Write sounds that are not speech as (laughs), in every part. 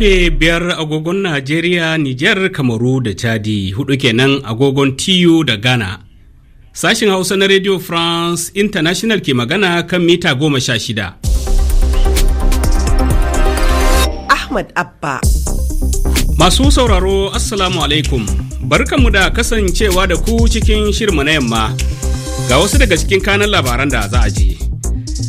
karfe biyar agogon Najeriya, Nijar, Kamaru da Chadi, hudu kenan agogon TU da Ghana. Sashen Hausa na Radio France International ke magana kan mita goma sha shida. Ahmad Abba. Masu sauraro, Assalamu alaikum. Barkanmu da kasancewa da ku cikin shirma na yamma. Ga wasu daga cikin kanan labaran da za a je.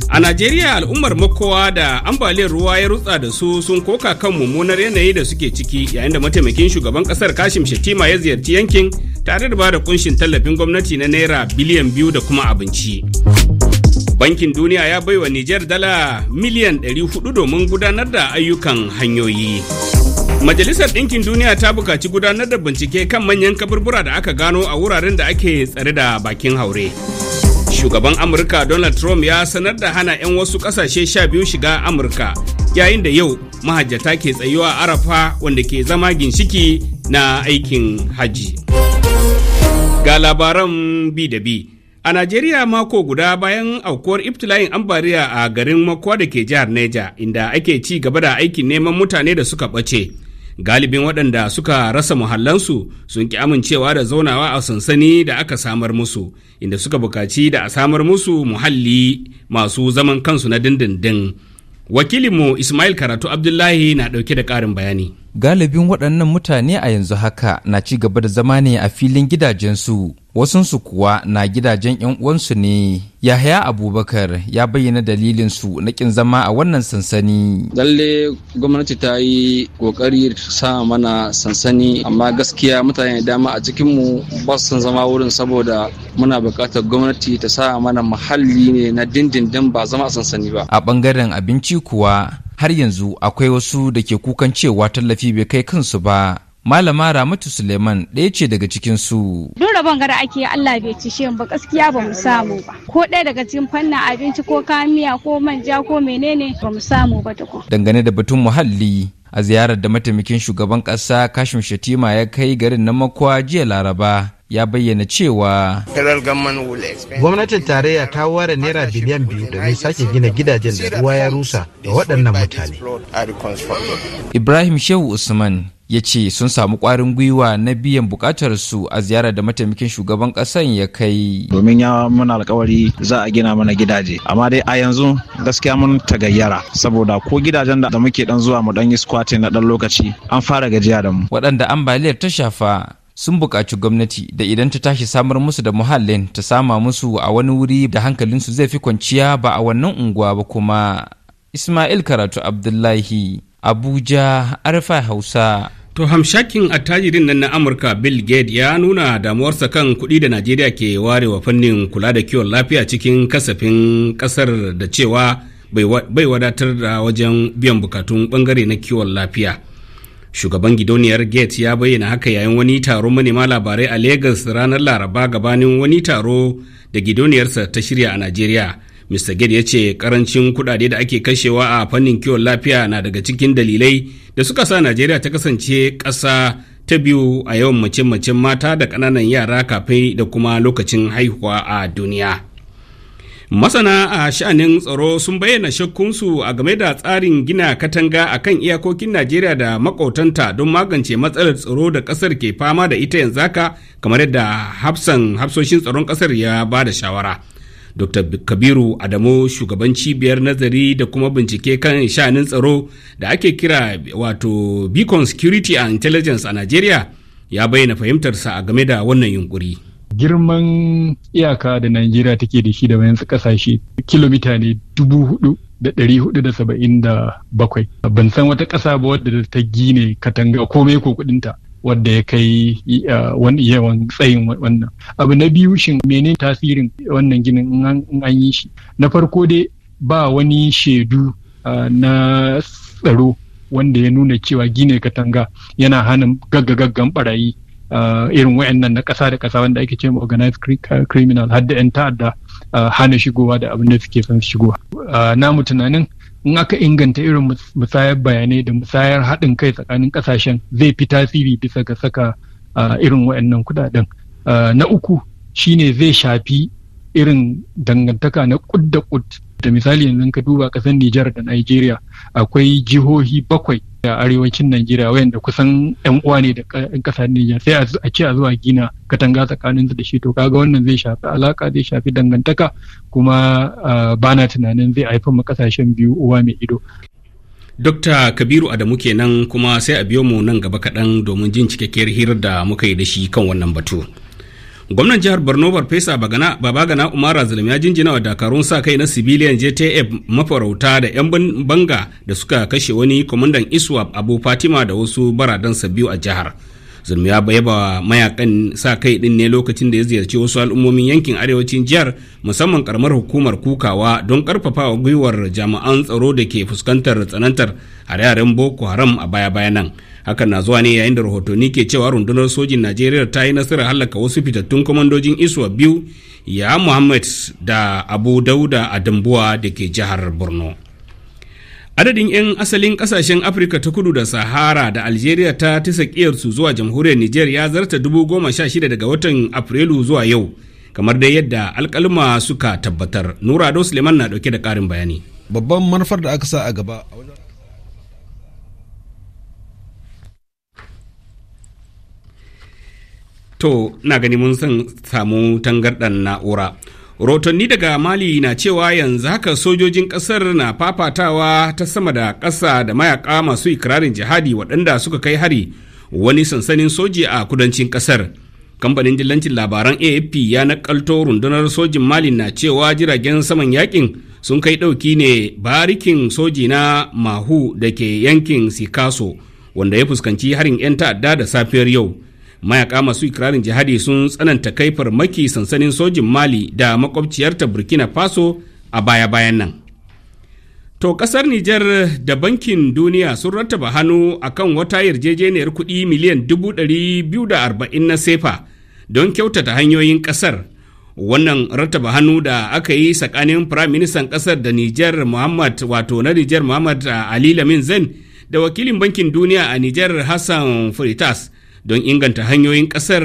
A Najeriya al'ummar makowa da ambaliyar ruwa ya rutsa da su sun koka kan mummunar yanayi da suke ciki yayin da mataimakin shugaban kasar Kashim Shettima ya ziyarci yankin tare da bada kunshin tallafin gwamnati na naira biliyan biyu da kuma abinci. Bankin Duniya ya baiwa Nijar dala miliyan ɗari 400 domin gudanar da ayyukan hanyoyi. Majalisar Ɗinkin Duniya ta buƙaci gudanar da bincike kan manyan kaburbura da aka gano a wuraren da ake tsare da bakin haure. Shugaban Amurka Donald Trump ya sanar da hana 'yan wasu kasashe sha biyu shiga Amurka yayin da yau mahajjata ke tsayuwa Arafa wanda ke zama ginshiki na aikin hajji. Ga labaran bi da bi. A Najeriya mako guda bayan aukuwar iftila'in ambariya a garin Makwa da ke jihar Neja inda ake ci gaba da aikin neman mutane da suka bace. galibin waɗanda suka rasa muhallansu sun ki amincewa da zaunawa a sansani da aka samar musu inda suka bukaci da a samar musu muhalli masu zaman kansu na dindindin wakilinmu ismail karatu abdullahi na ɗauke da ƙarin bayani galibin waɗannan mutane a yanzu haka na ci gaba da zama ne a filin gidajensu wasunsu kuwa na gidajen 'yan uwansu ne yahaya abubakar ya bayyana dalilinsu na kin zama a wannan sansani lalle gwamnati ta yi kokari sa mana sansani amma gaskiya mutane dama a cikinmu ba su zama wurin saboda muna buƙatar gwamnati ta sa mana muhalli ne na dindindin ba zama sansani ba a ɓangaren abinci kuwa har yanzu akwai wasu da ke kukan cewa tallafi bai kai kansu ba malama ramatu suleiman ɗaya ce daga cikin su duk rabon gara ake allah bai cishe ba gaskiya ba mu samu ba ko ɗaya daga cikin fannin abinci ko kamiya ko manja ko menene ba mu samu ba dangane da batun muhalli a ziyarar da mataimakin shugaban ƙasa kashim shatima ya kai garin na makwa jiya laraba ya bayyana cewa gwamnatin tarayya ta ware naira biliyan biyu da domin sake gina gidajen da ruwa ya rusa da waɗannan mutane ibrahim shehu usman ya ce sun samu ƙwarin gwiwa na biyan buƙatar su a ziyarar da mataimakin shugaban ƙasan ya kai domin ya muna alkawari za a gina mana gidaje amma dai a yanzu gaskiya mun tagayyara saboda ko gidajen da muke dan zuwa mu dan yi squatting na dan lokaci an fara gajiya da mu waɗanda ambaliyar ta shafa sun buƙaci gwamnati da idan ta tashi samar musu da muhallin ta sama musu a wani wuri da hankalinsu zai fi kwanciya ba a wannan unguwa ba kuma ismail karatu abdullahi abuja arfa hausa To hamshakin attajirin nan na Amurka Bill Gates ya nuna damuwarsa kan kuɗi da Najeriya ke warewa fannin kula da kiwon lafiya cikin kasafin ƙasar da cewa bai wadatar da wajen biyan bukatun ɓangare na kiwon lafiya. shugaban gidauniyar GATE ya bayyana haka yayin wani taro manema labarai a lagos ranar laraba gabanin wani taro da gidauniyarsa ta shirya a najeriya mr GATE ya ce karancin kudade da ake kashewa a fannin kiwon lafiya na daga cikin dalilai da suka sa najeriya ta kasance ƙasa ta biyu a yawan mace-macen mata da ƙananan yara kafin da kuma lokacin haihuwa a duniya Masana a sha'anin tsaro sun bayyana shakkunsu a game da tsarin gina katanga a kan iyakokin Najeriya da makotanta don magance matsalar tsaro da kasar ke fama da ita yanzu haka kamar yadda hafsan hafsoshin tsaron ƙasar ya ba da shawara. Dr. Kabiru Adamu shugaban cibiyar nazari da kuma bincike kan sha'anin tsaro da ake kira wato Beacon Security and Intelligence a Najeriya ya bayyana fahimtarsa a game da wannan yunkuri. girman iyaka da Najeriya take da shi da wayansu kasashe kilomita ne dubu hudu da ɗari hudu da saba'in da bakwai. Ban san wata ƙasa ba wadda ta gine katanga komai ko kuɗinta wadda ya kai yawan tsayin wannan. Abu na biyu shin menene tasirin wannan ginin in an yi shi. Na farko dai ba wani shaidu na tsaro wanda ya nuna cewa gine katanga yana hana gaggagaggan barayi Eh, irin wayannan na ƙasa da kasa wanda ake cewa organized eh, criminal har da 'yan ta'adda eh, hana shigowa da abin da suke son shigowa na mu tunanin in aka inganta irin musayar bayanai da musayar haɗin kai tsakanin ƙasashen zai fi tasiri bisa ga saka irin wayannan kuɗaɗen na uku shine zai shafi irin dangantaka na kud da kud da misali yanzu ka duba ƙasar Nijar da Nigeria akwai jihohi bakwai da arewacin Najeriya wayanda kusan yan uwa ne da kasar Nijar sai a ce a zuwa gina katanga tsakanin su da shi to kaga wannan zai shafi alaka zai shafi dangantaka kuma ba na tunanin zai haifar mu kasashen biyu uwa mai ido Dokta Kabiru Adamu kenan kuma sai a biyo mu nan gaba kaɗan domin jin cikakkiyar hirar da muka yi da shi kan wannan batu. gwamnan jihar borno farfesa gana umara zulum ya jinjina wa dakarun sa kai na civilian jtf mafarauta da 'yan banga da suka kashe wani kwamandan iswap abu fatima da wasu baradansa biyu a jihar zulum ya yaba mayakan sa kai din ne lokacin da ya ziyarci wasu al'ummomin yankin arewacin jihar musamman karamar hukumar kukawa don karfafawa gwiwar jami'an tsaro da ke fuskantar tsanantar hare-haren boko haram a baya-bayan nan hakan na zuwa ne yayin da rahotanni ke cewa rundunar sojin najeriya ta yi nasarar hallaka wasu fitattun kwamandojin iswa biyu ya muhammad da abu dauda a dambuwa da ke jihar borno adadin 'yan asalin kasashen afirka ta kudu da sahara da algeria ta tisa su zuwa jamhuriyar niger ya zarta dubu goma sha shida daga watan afrilu zuwa yau kamar dai yadda alkalma suka tabbatar nura ado suleiman na dauke da karin bayani babban manufar da aka sa a gaba to na gani mun san samu tangardan na'ura rotonni daga mali na cewa yanzu haka sojojin ƙasar na fafatawa ta sama da ƙasa da mayaƙa masu ikirarin jihadi waɗanda suka kai hari wani sansanin soji a kudancin ƙasar kamfanin dillancin labaran afp ya nakalto rundunar sojin mali na cewa jiragen saman yakin sun kai ɗauki ne barikin soji na mahu da ke yankin sikaso wanda ya fuskanci harin 'yan ta'adda da safiyar yau mayaka masu ikirarin jihadi sun tsananta kaifar maki sansanin sojin mali da makwabciyarta burkina faso a baya-bayan nan to kasar niger da bankin duniya sun rattaba hannu akan wata yarjejeniyar kuɗi miliyan dubu biyu da arba'in na sefa don kyautata hanyoyin kasar wannan rattaba hannu da aka yi tsakanin firaministan ƙasar da Nijar Muhammad wato na Nijar Muhammad Ali Lamin Zen da wakilin bankin duniya a Nijar Hassan fritas. don inganta hanyoyin kasar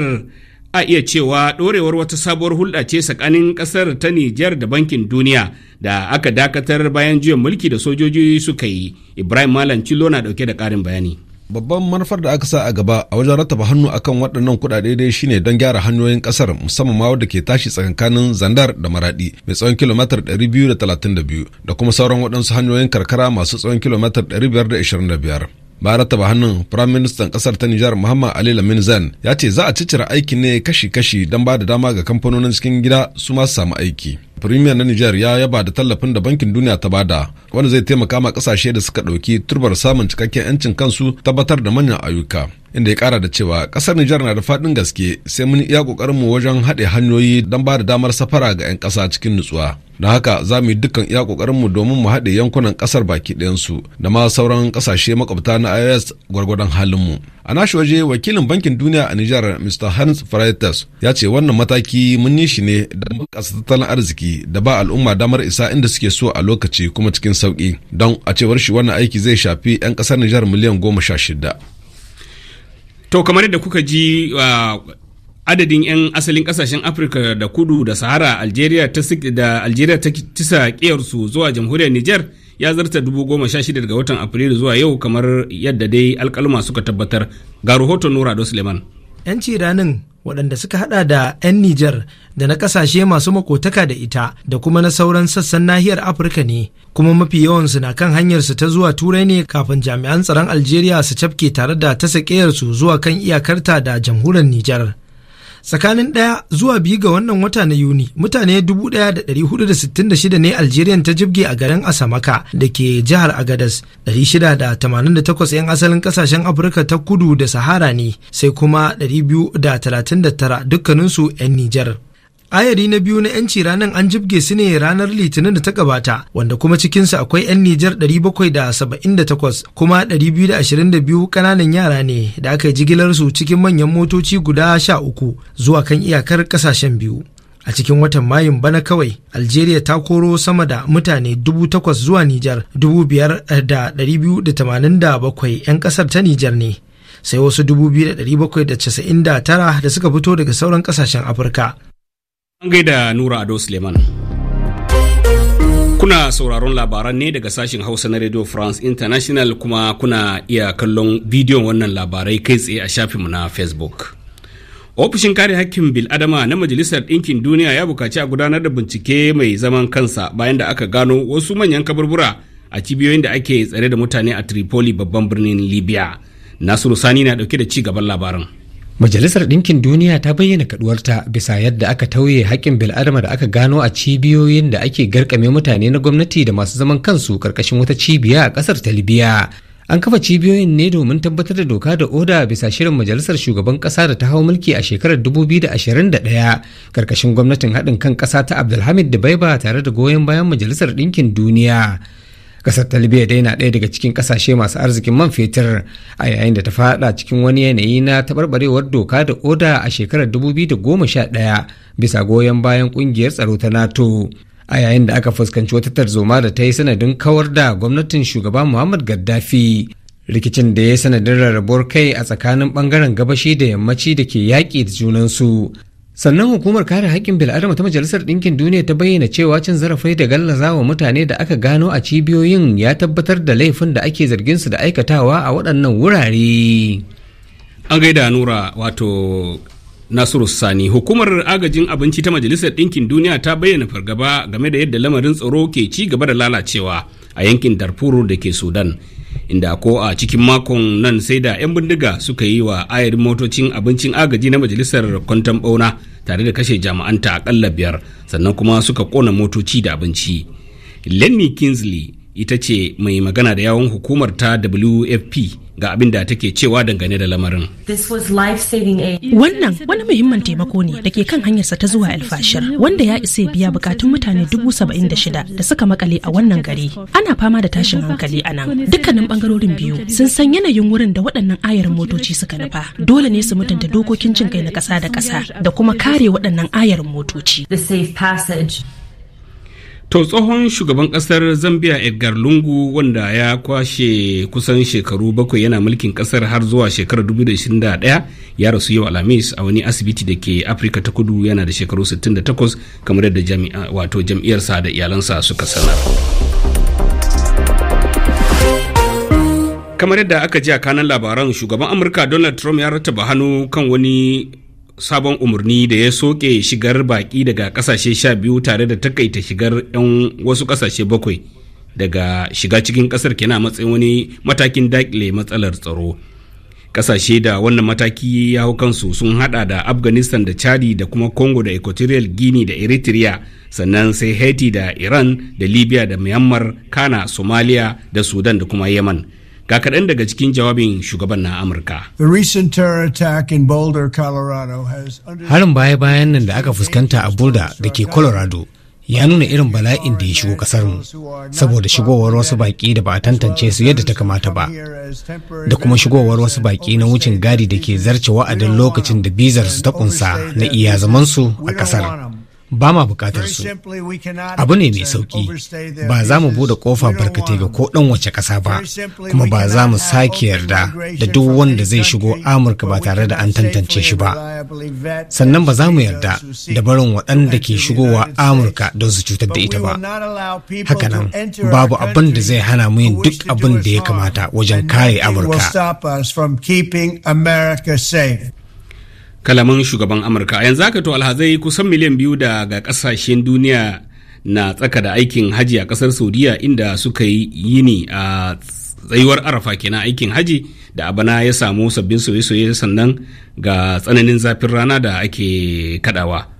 a iya cewa ɗorewar wata sabuwar hulɗa ce tsakanin kasar ta Nijar da Bankin Duniya da aka dakatar bayan juyin mulki da sojoji suka yi. Ibrahim Malam Cilo na dauke da ƙarin bayani. Babban manufar da aka sa a gaba a wajen rattaba hannu akan waɗannan kuɗaɗe dai shine don gyara hanyoyin ƙasar musamman ma wadda ke tashi tsakanin Zandar da Maraɗi mai tsawon kilomitar 232 da kuma sauran waɗansu hanyoyin karkara masu tsawon kilomitar 525. ba rattaba hannun firayim ministan kasar ta nijar muhammad ali lamin zan ya ce za a cicira aiki ne kashi-kashi don ba da dama ga kamfanonin cikin gida su su samu aiki Premier na Nijar ya yaba da tallafin da Bankin Duniya ta bada wanda zai taimaka ma kasashe da suka ɗauki turbar samun cikakken 'yancin kansu tabbatar da manyan ayyuka. Inda ya kara da cewa kasar Nijar na da fadin gaske sai mun iya kokarin mu wajen haɗe hanyoyi don ba da damar safara ga 'yan kasa cikin nutsuwa. da haka za mu yi dukkan iya kokarin mu domin mu haɗe yankunan ƙasar baki ɗayansu da ma sauran ƙasashe makwabta na IOS gwargwadon mu. a nashi waje wakilin bankin duniya a nijar mr hans freitas ya ce wannan mataki mun yi shi ne da bunƙasa tattalin arziki da ba al'umma damar isa inda suke so a lokaci kuma cikin sauki don a cewar shi wannan aiki zai shafi 'yan ƙasar nijar miliyan goma sha shida to kamar yadda kuka ji uh, adadin 'yan asalin kasashen afirka da kudu da sahara algeria ta da algeria ta kisa kiyarsu zuwa jamhuriyar nijar ya zarta dubu goma sha shida daga watan Afrilu zuwa yau kamar yadda dai alkalma suka tabbatar. Ga rahoton Nura do Suleiman. 'Yanci ranin waɗanda suka hada da 'yan Nijar da na kasashe masu makotaka da ita da kuma na sauran sassan nahiyar Afirka ne, kuma mafi yawansu na kan hanyarsu ta zuwa Turai ne kafin jami'an tsaron Algeria su cafke tare da ta su zuwa kan iyakarta da jamhuriyar Nijar. tsakanin ɗaya zuwa biyu ga wannan wata na yuni mutane 1,466 ne algerian ta jibge a garin asamaka da ke jihar agadas 688 'yan asalin kasashen afirka ta kudu da sahara ne sai kuma 239 dukkaninsu 'yan nijar ayari na biyu na 'yanci ranar an jibge su ne ranar litinin da ta gabata wanda kuma cikinsu akwai 'yan nijar 778 kuma 222 kananan yara ne da aka yi su cikin manyan motoci guda 13 zuwa kan iyakar kasashen biyu a cikin watan mayun bana kawai algeria ta koro sama da mutane 8,000 zuwa nijar 5,287 'yan kasar ta nijar ne sai wasu 2,799 da suka fito daga sauran kasashen afirka An gaida Nura Ado Suleiman. Kuna sauraron labaran ne daga sashen Hausa na Radio France International kuma kuna iya kallon bidiyon wannan labarai kai tsaye a shafinmu na Facebook. Ofishin kare hakkin bil'adama na Majalisar Ɗinkin Duniya ya bukaci a gudanar da bincike mai zaman kansa bayan da aka gano wasu manyan kaburbura a cibiyoyin da ake tsare da mutane a Tripoli babban birnin Libya. Nasiru Sani na ɗauke da ci gaban labaran. Majalisar Ɗinkin Duniya ta bayyana kaduwarta bisa yadda aka tauye haƙƙin bil'adama da aka gano a cibiyoyin da ake garkame mutane na gwamnati da masu zaman kansu ƙarƙashin wata cibiya a ƙasar ta Libya. An kafa cibiyoyin ne domin tabbatar da doka da oda bisa shirin majalisar shugaban ƙasa da ta hau mulki a shekarar 2021 ƙarƙashin gwamnatin haɗin kan ƙasa ta Abdulhamid da Baiba tare da goyon bayan Majalisar Ɗinkin Duniya. Kasar ta Libya dai na ɗaya daga cikin ƙasashe masu arzikin man fetur a yayin da ta faɗa cikin wani yanayi na taɓarɓarewar doka da oda a shekarar 2011 bisa goyon bayan ƙungiyar tsaro ta NATO. A yayin da aka fuskanci wata tarzoma da ta yi sanadin kawar da gwamnatin shugaba Muhammad Gaddafi. Rikicin da ya sanadin rarrabuwar kai a tsakanin ɓangaren gabashi da yammaci da ke yaƙi da junansu sannan hukumar kare haƙƙin bil'adama ta majalisar ɗinkin duniya ta bayyana cewa cin zarafai da gallaza wa mutane da aka gano a cibiyoyin ya tabbatar da laifin da ake zargin su da aikatawa a waɗannan wurare an gaida nura wato Nasiru Sani hukumar agajin abinci ta Majalisar Ɗinkin Duniya ta bayyana fargaba game da yadda lamarin tsaro ke ci gaba da lalacewa a yankin Darfur da ke Sudan inda ko a cikin makon nan sai da 'yan bindiga suka yi wa ayarin motocin abincin agaji na majalisar kwantan bauna tare da kashe jama'anta akalla biyar sannan kuma suka kona motoci da abinci lenny kingsley ita ce mai magana da yawon hukumar ta WFP ga abin da take cewa dangane da lamarin. Wannan wani muhimman taimako ne da ke kan hanyarsa ta zuwa alfashir wanda ya isa biya bukatun mutane dubu saba'in da shida da suka makale a wannan gari. Ana fama da tashin hankali a nan. Dukkanin bangarorin biyu sun san yanayin wurin da waɗannan ayar motoci suka nufa. Dole ne su mutunta dokokin jin kai na ƙasa da ƙasa da kuma kare waɗannan ayar motoci. To tsohon shugaban kasar Zambia Edgar Lungu wanda ya kwashe kusan shekaru bakwai yana mulkin kasar har zuwa shekarar 2021 ya rasu yau Alhamis a wani asibiti da ke Afirka ta kudu yana da shekaru 68 kamar yadda wato jam'iyyarsa da iyalansa suka sanar. Kamar yadda aka ji a kanan labaran shugaban Amurka Donald Trump ya rattaba hannu kan wani sabon umarni da ya soke shigar baki daga kasashe sha biyu tare da takaita shigar 'yan wasu kasashe bakwai daga shiga cikin kasar kina matsayin wani matakin dakile matsalar tsaro kasashe da wannan mataki ya hau kansu sun hada da afghanistan da chadi da kuma congo da equatorial guinea da eritrea sannan sai haiti da iran da libya da myanmar kana somalia da sudan da kuma yemen Ga kaɗan daga cikin jawabin shugaban na Amurka. Harin baya-bayan nan da aka fuskanta a Boulder da ke Colorado ya nuna irin bala'in da ya shigo kasarmu saboda shigowar wasu baƙi da ba a tantance su yadda ta kamata ba da kuma shigowar wasu baƙi na wucin gadi da ke zarce wa'adin lokacin da bizar su ta kunsa na iya zamansu a ƙasar. ba ma bukatar su abu ne mai sauki ba za mu bude kofa barkate ga ko dan wace ƙasa ba kuma ba za mu sake yarda da duk wanda zai shigo amurka ba tare da an tantance shi ba sannan ba za mu yarda da barin waɗanda ke shigowa amurka don su cutar da ita ba hakanan babu abin da zai hana mu yin duk abin da ya kamata wajen kare amurka kalaman shugaban amurka a yanzu haka to alhazai kusan miliyan biyu daga kasashen duniya na tsaka da aikin haji a kasar saudiya inda suka yi yini a tsayuwar arafa kenan aikin haji da abana ya samu sabbin soye-soye sannan ga tsananin zafin rana da ake kadawa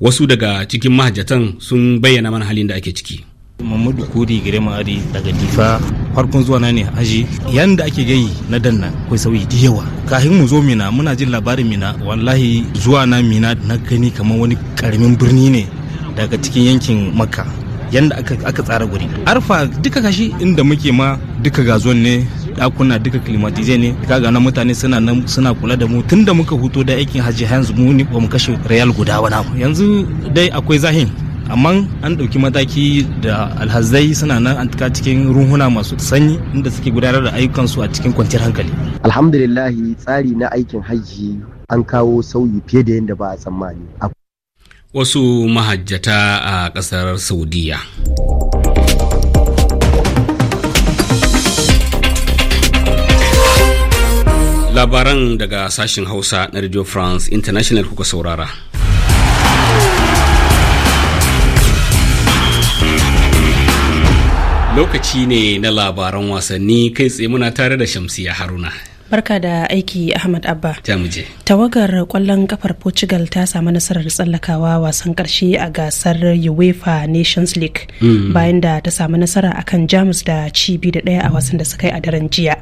wasu daga cikin mahajjatan sun bayyana mana halin da ake ciki mamadu Kuri gare Ari daga Difa farkon zuwa na ne aji yanda ake gayi na danna akwai sauyi da yawa kahin mu zo mina muna jin labarin mina wallahi zuwa na mina na gani kamar wani karamin birni ne daga cikin yankin makka yanda aka tsara guri arfa duka kashi inda muke ma duka gazon ne dakuna duka klimatize ne ka gana mutane suna nan suna kula da mu tunda muka huto da aikin haji yanzu mu ne ba mu kashe rayal guda ba yanzu dai akwai zahin amma an ɗauki mataki da alhazai suna nan an tuka cikin ruhuna masu sanyi inda suke gudanar da ayyukansu a cikin kwanciyar hankali alhamdulillahi tsari na aikin hajji an kawo sauyi fiye da yadda ba a tsammani wasu mahajjata a ƙasar saudiya labaran daga sashen hausa na radio france international kuka saurara Lokaci ne na labaran wasanni kai tsaye muna tare da Shamsiya Haruna. barka da aiki ahmad abba tawagar kwallon kafar portugal ta samu nasarar tsallakawa wasan karshe a gasar uefa nations league mm. bayan da ta samu nasara akan jamus da cibi da daya a wasan da suka yi a daren jiya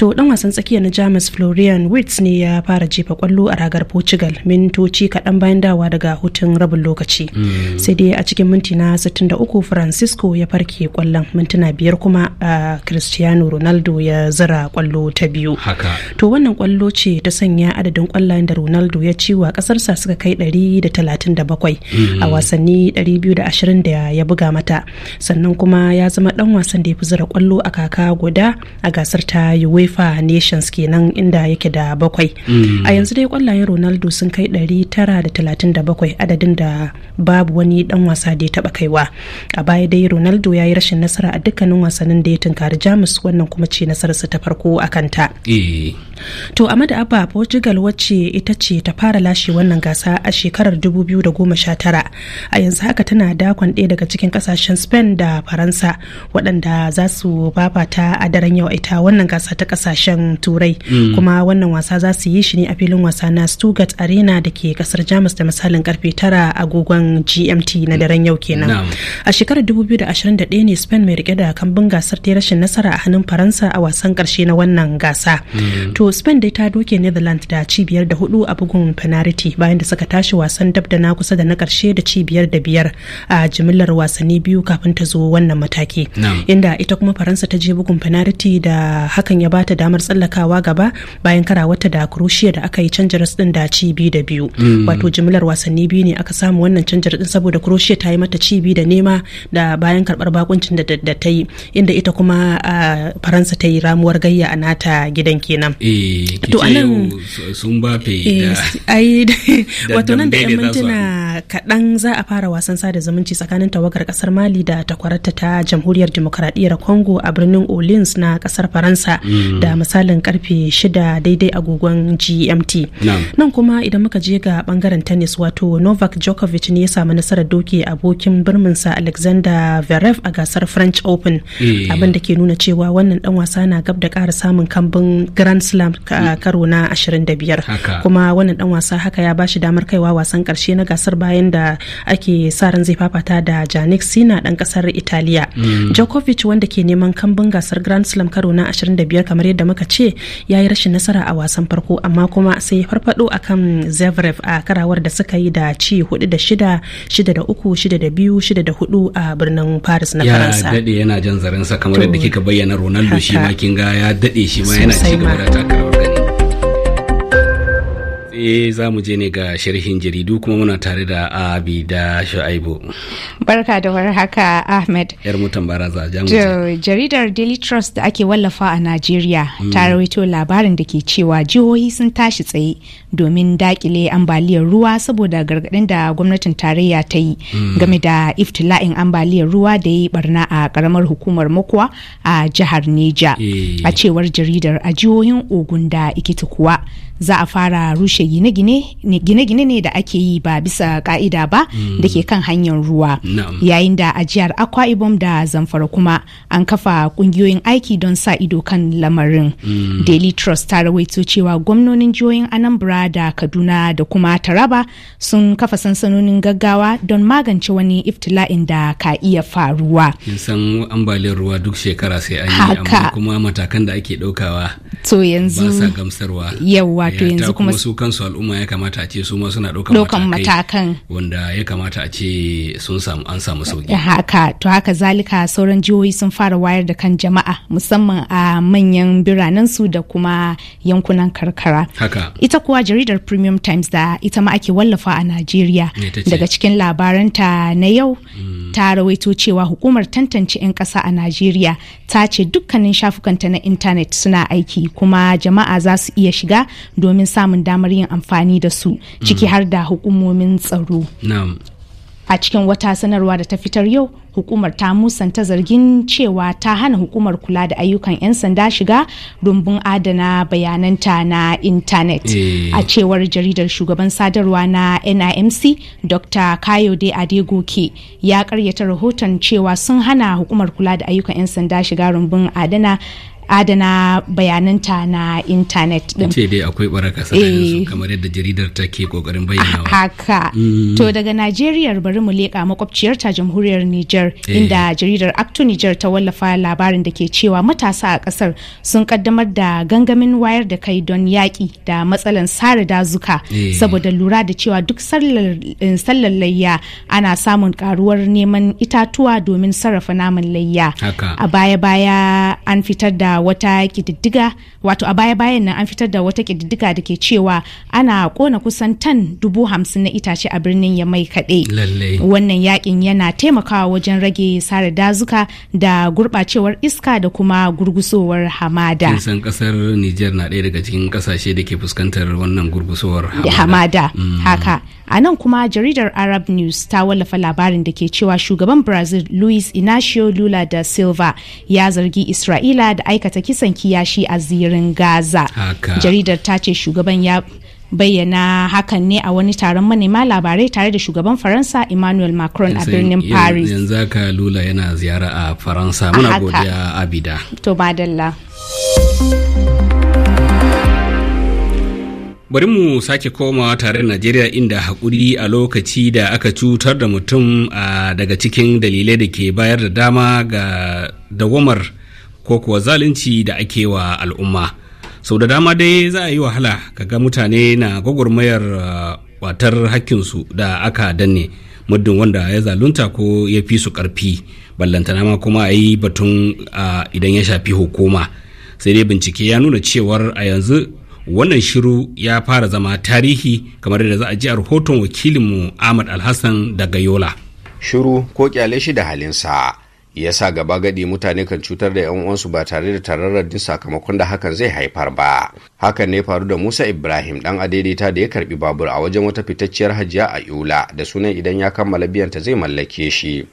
to dan wasan tsakiya na jamus florian wits ne ya fara jefa kwallo a ragar portugal mintoci kaɗan bayan dawa daga hutun rabin lokaci mm. sai dai a cikin minti na 63 francisco ya farke kwallon mintuna biyar kuma ah, cristiano ronaldo ya zira kwallo ta biyu to wannan kwallo ce ta sanya adadin kwallayen da ronaldo ya ci wa kasarsa suka kai 137 a hmm. wasanni 220 da ya buga mata sannan kuma ya zama dan wasan da ya fi zira kwallo a kaka guda a gasar ta uefa nations kenan inda yake da bakwai hmm. a yanzu dai kwallayen ronaldo sun kai 937 adadin da babu wani dan wasa da ya taba kaiwa a baya dai ronaldo ya yi rashin nasara a dukkanin wasannin da ya tunkari jamus wannan kuma ce nasararsa ta farko a kanta. Eh. to a abba portugal wacce ita ce ta fara lashe wannan gasa a shekarar 2019 a yanzu haka tana dakon ɗaya daga cikin kasashen spain da faransa waɗanda za su fafata a daren yau ita wannan gasa ta kasashen turai mm. kuma wannan wasa za su yi shi ne a filin wasa na stuttgart arena da ke kasar jamus da misalin karfe 9 agogon gmt na daren yau kenan a shekarar 2021 ne spain mai rike da kambun gasar ta rashin nasara a hannun faransa a wasan karshe na wannan gasa Mm. to spain dai ta doke netherlands da cibiyar da hudu a bugun penalty bayan da suka tashi wasan dab da na kusa da na karshe da cibiyar da biyar a jimillar wasanni biyu kafin ta zo wannan mataki inda ita kuma faransa ta je bugun penalty da hakan ya bata damar tsallakawa gaba bayan karawata da croatia da aka yi ras din da ci biyu da biyu mm. wato jimillar wasanni biyu ne aka samu wannan canjar din saboda croatia ta yi mata ci biyu da nema da bayan karbar bakuncin da ta yi inda ita kuma faransa ta yi ramuwar gayya a nata gidan kenan eh, to anan sun ba fe eh, da (laughs) ai (laughs) wato nan da yan mintuna kaɗan za a fara wasan sada zumunci tsakanin tawagar ƙasar mali da takwararta ta jamhuriyar demokradiyyar congo a birnin orleans na ƙasar faransa mm. da misalin karfe shida daidai agogon gmt nan kuma idan muka je ga bangaren tennis wato novak djokovic ne ya samu nasarar doke abokin sa alexander verev a gasar french open eh. abin da ke nuna cewa wannan dan wasa na gab da ƙara samun kambun grand slam a mm. karo na 25 kuma wannan dan wasa haka ya bashi damar kaiwa wasan karshe na gasar bayan da ake sa ran zai fafata da Janik Sina dan kasar Italiya mm. Djokovic wanda ke neman kambun gasar grand slam karo na 25 kamar yadda muka ce ya yi rashin nasara a wasan farko amma kuma sai ya farfado akan Zverev a karawar da suka yi da ci 4 da 6 6 da 3 6 da 2 6 da 4 a birnin Paris na Faransa ya dade yana jan zarin sa kamar yadda kika bayyana Ronaldo shi ma kin ga ya dade shi ma yana ci wanataka eh za mu je ne ga sharhin jaridu kuma muna tare da abi da shu'aibu barka da warhaka ahmed yar mutan baraza jaridar daily trust da ake wallafa a najeriya hmm. ta rawaito labarin da ke cewa jihohi sun tashi tsaye domin dakile ambaliyar ruwa saboda gargadin da gwamnatin tarayya ta yi hmm. game da iftila'in ambaliyar ruwa da ya yi barna a karamar hukumar makwa a jihar neja eh. a cewar jaridar a jihohin ogun da ikiti kuwa za a fara rushe gine-gine ne da ake yi ba bisa ka'ida ba hmm. da ke kan hanyar ruwa yayin da a jihar akwa ibom da zamfara kuma an kafa kungiyoyin aiki don sa ido kan lamarin hmm. daily trust ta rawaito cewa gwamnonin jihohin anambra da kaduna da kuma taraba sun kafa sansanonin gaggawa don magance wani iftila'in da ka iya faruwa ruwa duk shekara sai an yi amma kuma matakan da ake ɗaukawa ba sa gamsarwa yawa to yanzu kuma su kansu al'umma ya kamata a ce su ma suna ɗaukan matakan wanda ya kamata a ce sun samu an samu sauki haka to haka zalika sauran jihohi sun fara wayar da kan jama'a musamman a manyan biranen su da kuma yankunan karkara haka ita kuwa jaridar premium times da ita ma ake wallafa a najeriya daga cikin labaranta na yau mm. ta rawaito cewa hukumar tantance 'yan ƙasa a Najeriya ta ce dukkanin shafukanta na intanet suna aiki kuma jama'a za su iya shiga domin samun damar yin amfani da su ciki mm. har da hukumomin tsaro. a cikin wata sanarwa da ta fitar yau hukumar ta musanta zargin cewa ta hana hukumar kula da ayyukan 'yan sanda shiga rumbun adana bayananta na intanet eh. a cewar jaridar shugaban sadarwa na nimc dr kayode adegoke ya karyata rahoton cewa sun hana hukumar kula da ayyukan 'yan sanda shiga rumbun adana adana bayananta na intanet din. Ce dai akwai baraka su eh. kamar yadda jaridar ta ke kokarin bayyanawa. Ah, haka. Mm. To daga Najeriya bari mu leƙa makwabciyar ta jamhuriyar Nijar eh. inda jaridar Actu Nijar ta wallafa labarin da ke cewa matasa a ƙasar sun kaddamar da gangamin wayar da kai don yaƙi da matsalan sare dazuka eh. saboda lura da cewa duk sallar layya ana samun karuwar neman itatuwa domin sarrafa naman layya. Haka. A baya-baya an fitar da wata kididdiga wato a baya bayan nan an fitar da wata kididdiga da ke cewa ana kona kusan tan dubu hamsin na itace a birnin ya mai kaɗai wannan yakin yana taimakawa wajen rage sare dazuka da gurɓacewar iska da kuma gurgusowar hamada san kasar niger na ɗaya daga cikin kasashe da ke fuskantar wannan gurgusowar hamada, mm. haka a nan kuma jaridar arab news ta wallafa labarin da ke cewa shugaban brazil luis inacio lula da silva ya zargi isra'ila da aikata kisan kiyashi a zirin gaza jaridar ta ce shugaban ya bayyana hakan ne a wani taron manema labarai tare da shugaban faransa emmanuel macron a birnin paris yanzu ka lula yana ziyara a faransa muna godiya abida to bari mu sake koma tare da najeriya inda haƙuri a lokaci da aka cutar da mutum daga cikin dalilai da ke bayar da dama ga dawamar ko kuwa zalunci da ake wa al'umma sau da dama dai za a yi wahala kaga mutane na gwagwarmayar watar hakkinsu da aka danne muddin wanda ya zalunta ko ya fi su karfi ballantana ma kuma a yi batun idan ya shafi hukuma sai dai bincike ya nuna cewar a yanzu wannan shiru ya fara zama tarihi kamar da za a ji a rahoton wakilinmu ahmad alhassan daga yola shiru ko kyale shi da halinsa ya sa gaba gadi mutane kan cutar da 'yan uwansu ba tare da din sakamakon da hakan zai haifar ba hakan ne faru da musa ibrahim dan adaidaita da ya karbi babur a wajen wata fitacciyar hajiya a yola da sunan idan ya kammala biyan ta zai mallake shi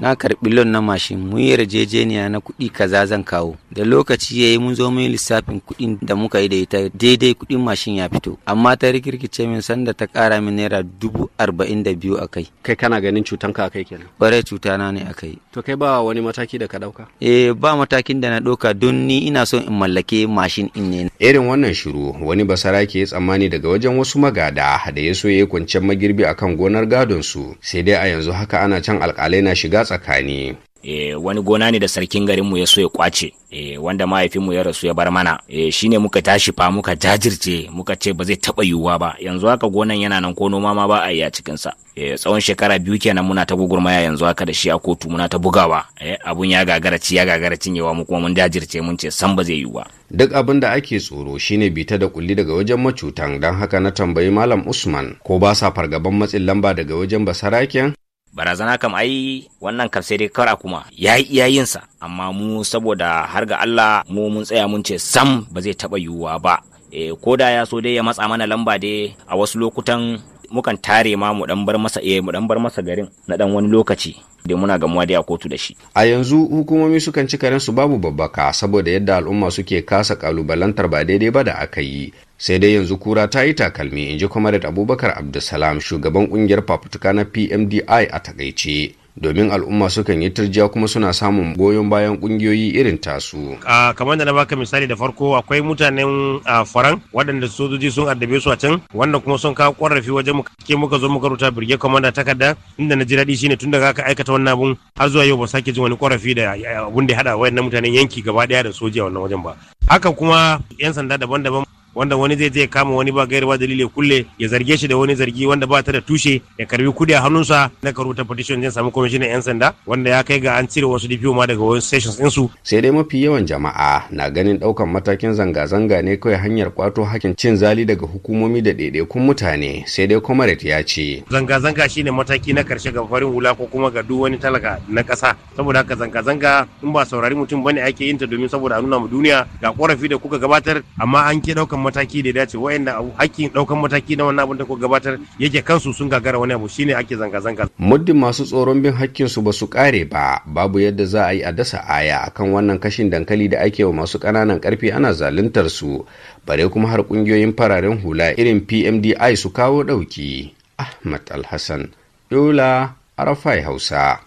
na karbi lon na mashin mun yi yarjejeniya na kuɗi kaza zan kawo da lokaci ya yi mun zo mun yi lissafin kuɗin da muka yi da ita daidai kuɗin mashin ya fito amma ta rikirkice min sanda ta ƙara min naira dubu arba'in da biyu a kai kai kana ganin cutan ka a kai kenan bare na ne a kai to kai ba wani mataki da ka ɗauka eh ba matakin da na ɗauka don ni ina son in mallake mashin in ne irin wannan shiru wani basara ke tsammani daga wajen wasu magada da ya so ya yi kwanciyar magirbi akan gonar gadon su sai dai a yanzu haka ana can alƙalai na shiga tsakani e, wani gona ne da sarkin garinmu ya so ya kwace e, wanda mahaifinmu ya rasu ya bar mana e, eh, shine muka tashi fa muka jajirce muka ce ba zai taba yiwuwa ba yanzu haka gonan yana nan ko noma ma ba a yi a cikin sa e, tsawon shekara biyu kenan muna ta gugurmaya yanzu haka da shi a kotu muna ta bugawa e, abun ya gagara ci ya gagara yawa mu kuma mun jajirce mun ce san ba zai yiwuwa duk abin da ake tsoro shine bita da kulli daga wajen macutan dan haka na tambayi malam usman ko ba sa fargaban matsin lamba daga wajen basaraken barazana kam ai wannan kam sai dai kara kuma ya yi iyayensa amma mu saboda har ga Allah mu mun tsaya mun ce sam ba zai taba yiwuwa ba e, ko da ya so dai ya matsa mana lamba dai a wasu lokutan mukan tare ma mu dan bar masa eh mu dan bar masa garin na dan wani lokaci da muna gamuwa a kotu da shi a yanzu hukumomi sukan ci karen babu babbaka saboda yadda al'umma suke kasa kalubalantar ba daidai ba da aka yi sai dai yanzu kura ta yi takalmi in ji comrade abubakar abdulsalam shugaban kungiyar fafutuka na pmdi a takaice domin al'umma sukan yi turjiya kuma suna samun goyon bayan kungiyoyi irin tasu. kamar da na baka misali da farko akwai mutanen faran waɗanda sojoji sun addabe su a can wanda kuma sun kawo ƙorafi wajen ke muka zo muka rubuta birge kwamanda takarda inda na ji daɗi shine tun daga aka aikata wannan abun har zuwa yau ba sake jin wani ƙorafi da abun da ya haɗa wayannan mutanen yanki gaba ɗaya da soji a wannan wajen ba. haka kuma 'yan sanda daban-daban wanda wani zai zai kama wani ba gairwa dalili kulle ya zarge shi da wani zargi wanda ba ta da tushe ya karbi kudi a hannunsa na karuta petition zai samu kwamishinan yan sanda wanda ya kai ga an cire wasu DPO ma daga wasu sessions ɗinsu. sai dai mafi yawan jama'a na ganin ɗaukan matakin zanga-zanga ne kawai hanyar kwato hakin cin zali daga hukumomi da kun mutane sai dai comrade ya ce. zanga-zanga shine mataki na karshe ga farin hula ko kuma ga duk wani talaka na ƙasa saboda haka zanga-zanga in ba saurari mutum bane ake yin ta domin saboda a nuna mu duniya ga korafi da kuka gabatar amma an ke ɗaukan mataki da ya dace wa'annan hakkin daukan mataki na wannan abin da ku gabatar yake kansu sun gagara wani abu shine ake zanga zanga muddin masu tsoron bin hakkin su ba su kare ba babu yadda za a yi a dasa aya akan wannan kashin dankali da ake wa masu kananan karfi ana zaluntar su bare kuma har kungiyoyin fararen hula irin PMDI su kawo dauki Ahmad Alhassan Yola Arafai Hausa.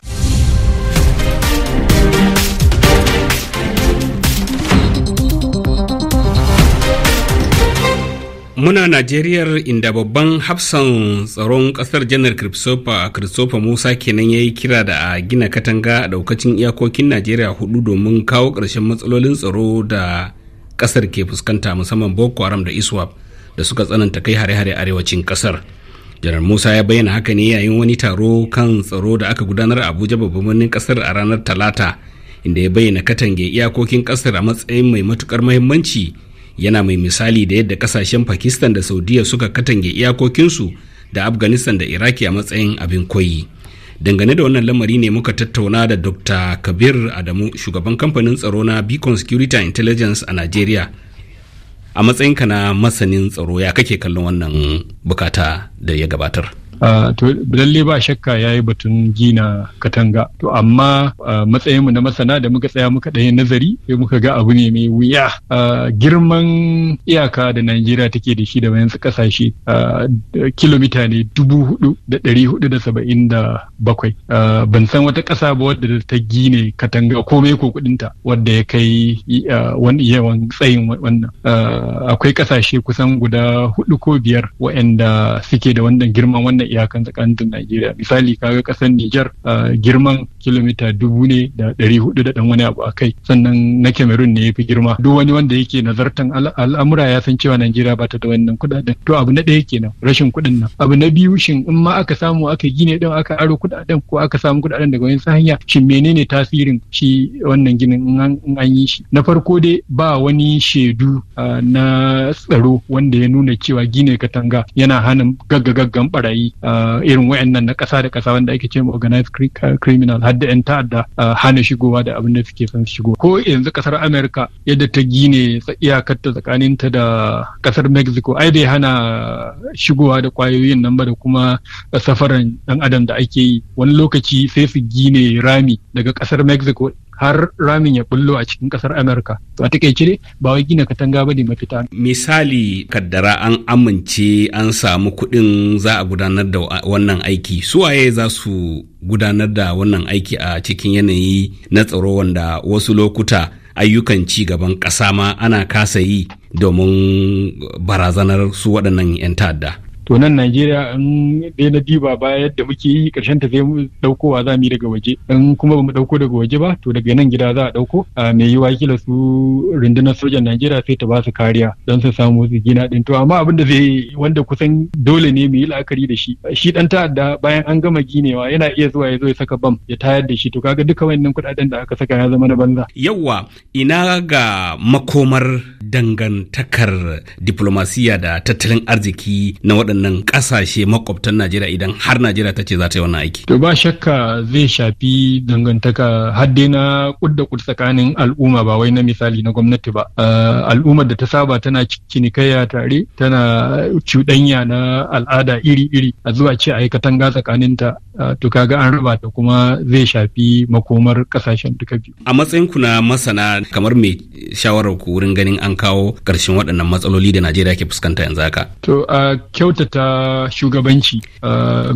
muna najeriyar inda babban hafsan tsaron kasar janar christopher christopher musa kenan ya yi kira da a gina katanga a daukacin iyakokin najeriya hudu domin kawo ƙarshen matsalolin tsaro da kasar ke fuskanta musamman boko haram da iswap da suka tsananta kai hare-hare arewacin kasar janar musa ya bayyana haka ne yayin wani taro kan tsaro da aka gudanar a abuja babban birnin kasar a ranar talata inda ya bayyana katange iyakokin kasar a matsayin mai matukar muhimmanci yana mai misali da yadda kasashen pakistan da saudiya suka katange iyakokinsu da afghanistan da iraki a matsayin abin koyi dangane da wannan lamari ne muka tattauna da dr kabir adamu shugaban kamfanin tsaro na beacon security and intelligence a nigeria a matsayinka na masanin tsaro ya kake kallon wannan bukata da ya gabatar Ah, to lalle ba shakka ya yi batun gina katanga to amma ah, matsayinmu na masana da muka tsaya muka ɗaya nazari sai muka ga abu ne mai wuya ah, girman iyaka da najeriya take da shi da wayansu ƙasashe kilomita ne dubu hudu da ɗari hudu da saba'in da bakwai ban san wata ƙasa ba wadda ta gine katanga komai ko kuɗinta wadda ya kai yawan tsayin wannan akwai ƙasashe kusan guda hudu ko biyar waɗanda suke da wannan girman wannan iyakan tsakanin Najeriya misali kaga kasar Niger girman kilomita dubu ne da ɗari hudu da ɗan wani abu a kai sannan na Cameroon ne ya fi girma duk wani wanda yake nazartan al'amura ya san cewa Najeriya ba ta da wannan kuɗaɗen to abu na ɗaya kenan rashin kuɗin nan abu na biyu shin in ma aka samu aka gine ɗin aka aro kuɗaɗen ko aka samu kuɗaɗen daga wani hanya shin menene tasirin shi wannan ginin in an yi shi na farko dai ba wani shaidu na tsaro wanda ya nuna cewa gine katanga yana hana gagga gaggan barayi Eh, irin wayannan na ƙasa da ƙasa wanda ake ce organized eh, criminal har da 'yan ta'adda eh, hana shigowa da abin da suke son shigo ko yanzu ƙasar Amurka yadda ta gine tsakanin tsakaninta da ƙasar mexico ai bai hana shigowa da ƙwayoyin nan ba da kuma safaran ɗan adam da ake yi wani lokaci sai su gine rami daga ƙasar mexico har ramin ya bullo a cikin kasar amurka to a takaice dai ba wai gina katanga ba ne mafita misali kaddara an amince an samu kuɗin za a gudanar da wannan aiki suwaye za su gudanar da wannan aiki a cikin yanayi na tsaro wanda wasu lokuta ayyukan ci gaban ƙasa ma ana kasa yi domin barazanar su waɗannan 'yan ta'adda to nan Najeriya in da na diba baya yadda muke yi karshen ta zai mu ɗaukowa za mu yi daga waje in kuma ba mu dauko daga waje ba to daga nan gida za a dauko. a mai yiwa kila su rundunar sojan Najeriya sai ta ba su kariya don su samu su gina din to amma abin da zai wanda kusan dole ne mu yi la'akari da shi shi ɗan ta'adda bayan an gama ginewa yana iya zuwa ya zo ya saka bam ya tayar da shi to kaga duka wannan kuɗaɗen da aka saka ya zama na banza. Yawwa ina ga makomar dangantakar diplomasiya da tattalin arziki na waɗannan waɗannan ƙasashe makwabtan Najeriya idan har Najeriya ta ce za ta yi wannan aiki? To ba shakka zai shafi dangantaka har dai na kudda kud tsakanin al'umma ba wai na misali na gwamnati ba. Al'ummar da ta saba tana cinikayya tare tana cuɗanya na al'ada iri-iri a zuwa ce a yi katanga ta to kaga an raba ta kuma zai shafi makomar ƙasashen duka biyu. A matsayin ku na masana kamar mai shawarar ku wurin ganin an kawo ƙarshen waɗannan matsaloli da Najeriya ke fuskanta yanzu haka. To a kyautata ta shugabanci uh,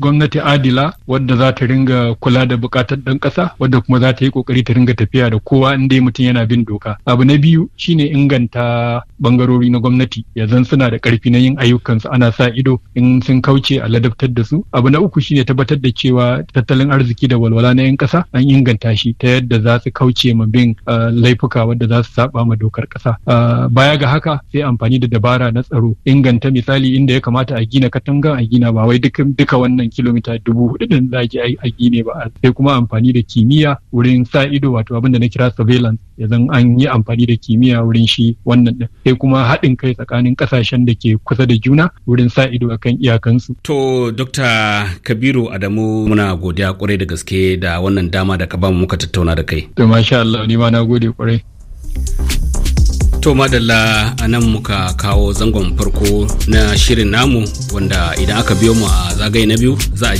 gwamnati adila wadda za ta ringa kula da bukatar dan kasa wadda kuma za ta yi kokari ta ringa tafiya da kowa inda dai mutum yana bin doka abu na biyu shine inganta bangarori na gwamnati yanzu suna da karfi na yin ayyukansu ana sa ido in sun kauce a ladabtar da su abu na uku shine tabbatar da cewa tattalin arziki da walwala na 'yan ƙasa an inganta shi ta yadda za su kauce ma bin uh, laifuka wadda za su saba ma dokar ƙasa uh, baya ga haka sai amfani da dabara na tsaro inganta misali inda ya kamata a gina katangan a gina ba wai duka wannan kilomita dubu hudu da za a gine ba sai kuma amfani da kimiyya wurin sa ido wato abin da na kira surveillance yanzu an yi amfani da kimiyya wurin shi wannan din sai kuma haɗin kai tsakanin ƙasashen da ke kusa da juna wurin sa ido a kan iyakansu. To Dr. Kabiru Adamu muna godiya kwarai da gaske da wannan dama da ka bamu muka tattauna da kai. To masha Allah ni ma na gode kwarai. To madalla a nan muka kawo zangon farko na shirin namu wanda idan aka biyo mu a zagaye na biyu za a ji